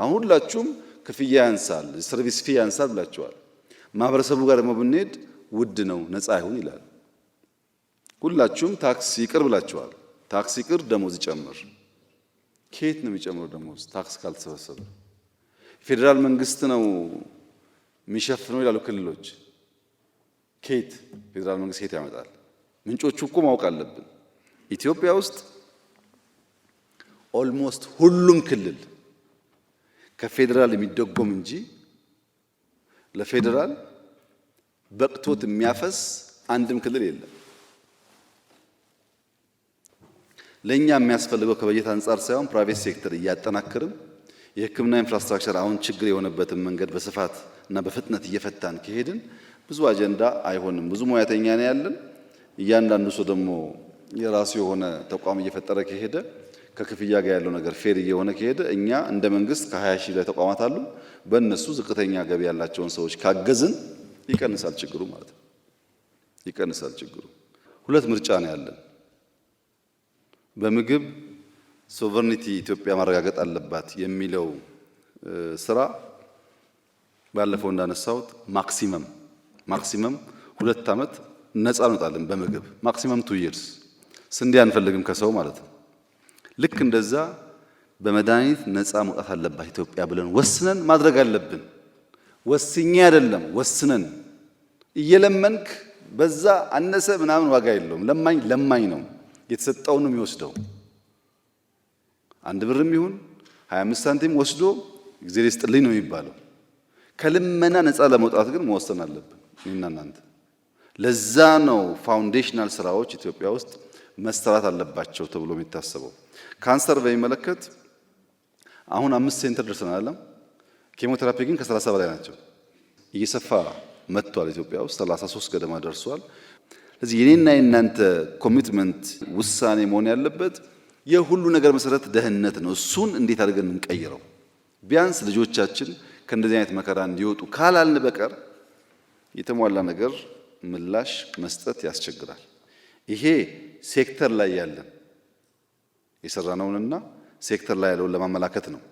አሁን ሁላችሁም ክፍያ ያንሳል፣ ሰርቪስ ፊ ያንሳል ብላችኋል። ማህበረሰቡ ጋር ደግሞ ብንሄድ ውድ ነው ነፃ አይሁን ይላል። ሁላችሁም ታክስ ይቅር ብላችኋል። ታክስ ይቅር፣ ደሞዝ ይጨምር። ከየት ነው የሚጨምረው ደሞዝ? ታክስ ካልተሰበሰበ ፌዴራል መንግስት ነው የሚሸፍነው ይላሉ ክልሎች። ከየት ፌዴራል መንግስት ከየት ያመጣል? ምንጮቹ እኮ ማወቅ አለብን። ኢትዮጵያ ውስጥ ኦልሞስት ሁሉም ክልል ከፌዴራል የሚደጎም እንጂ ለፌዴራል በቅቶት የሚያፈስ አንድም ክልል የለም። ለእኛ የሚያስፈልገው ከበጀት አንጻር ሳይሆን ፕራይቬት ሴክተር እያጠናክርም የሕክምና ኢንፍራስትራክቸር አሁን ችግር የሆነበትን መንገድ በስፋት እና በፍጥነት እየፈታን ከሄድን ብዙ አጀንዳ አይሆንም። ብዙ ሙያተኛ ነው ያለን። እያንዳንዱ ሰው ደግሞ የራሱ የሆነ ተቋም እየፈጠረ ከሄደ ከክፍያ ጋር ያለው ነገር ፌር እየሆነ ከሄደ እኛ እንደ መንግስት ከ20 ሺህ ላይ ተቋማት አሉ። በእነሱ ዝቅተኛ ገቢ ያላቸውን ሰዎች ካገዝን ይቀንሳል ችግሩ ማለት ነው። ይቀንሳል ችግሩ። ሁለት ምርጫ ነው ያለን። በምግብ ሶቨርኒቲ ኢትዮጵያ ማረጋገጥ አለባት የሚለው ስራ ባለፈው እንዳነሳሁት ማክሲመም ማክሲመም ሁለት ዓመት ነፃ እንወጣለን በምግብ ማክሲመም ቱ ይርስ ስንዴ አንፈልግም ከሰው ማለት ነው። ልክ እንደዛ በመድኃኒት ነፃ መውጣት አለባት ኢትዮጵያ ብለን ወስነን ማድረግ አለብን። ወስኜ አይደለም ወስነን እየለመንክ በዛ አነሰ ምናምን ዋጋ የለውም። ለማኝ ለማኝ ነው፣ የተሰጠውን ነው የሚወስደው። አንድ ብርም ይሁን 25 ሳንቲም ወስዶ እግዚአብሔር ይስጥልኝ ነው የሚባለው። ከልመና ነፃ ለመውጣት ግን መወሰን አለብን እኔና እናንተ። ለዛ ነው ፋውንዴሽናል ስራዎች ኢትዮጵያ ውስጥ መሰራት አለባቸው ተብሎ የሚታሰበው። ካንሰር በሚመለከት አሁን አምስት ሴንተር ደርሰናል አለም ኬሞቴራፒ ግን ከሰላሳ በላይ ናቸው። እየሰፋ መጥቷል። ኢትዮጵያ ውስጥ ሰላሳ ሶስት ገደማ ደርሷል። ስለዚህ የኔና የእናንተ ኮሚትመንት ውሳኔ መሆን ያለበት የሁሉ ነገር መሰረት ደህንነት ነው። እሱን እንዴት አድርገን እንቀይረው? ቢያንስ ልጆቻችን ከእንደዚህ አይነት መከራ እንዲወጡ ካላልን በቀር የተሟላ ነገር ምላሽ መስጠት ያስቸግራል። ይሄ ሴክተር ላይ ያለን የሰራነውንና ሴክተር ላይ ያለውን ለማመላከት ነው።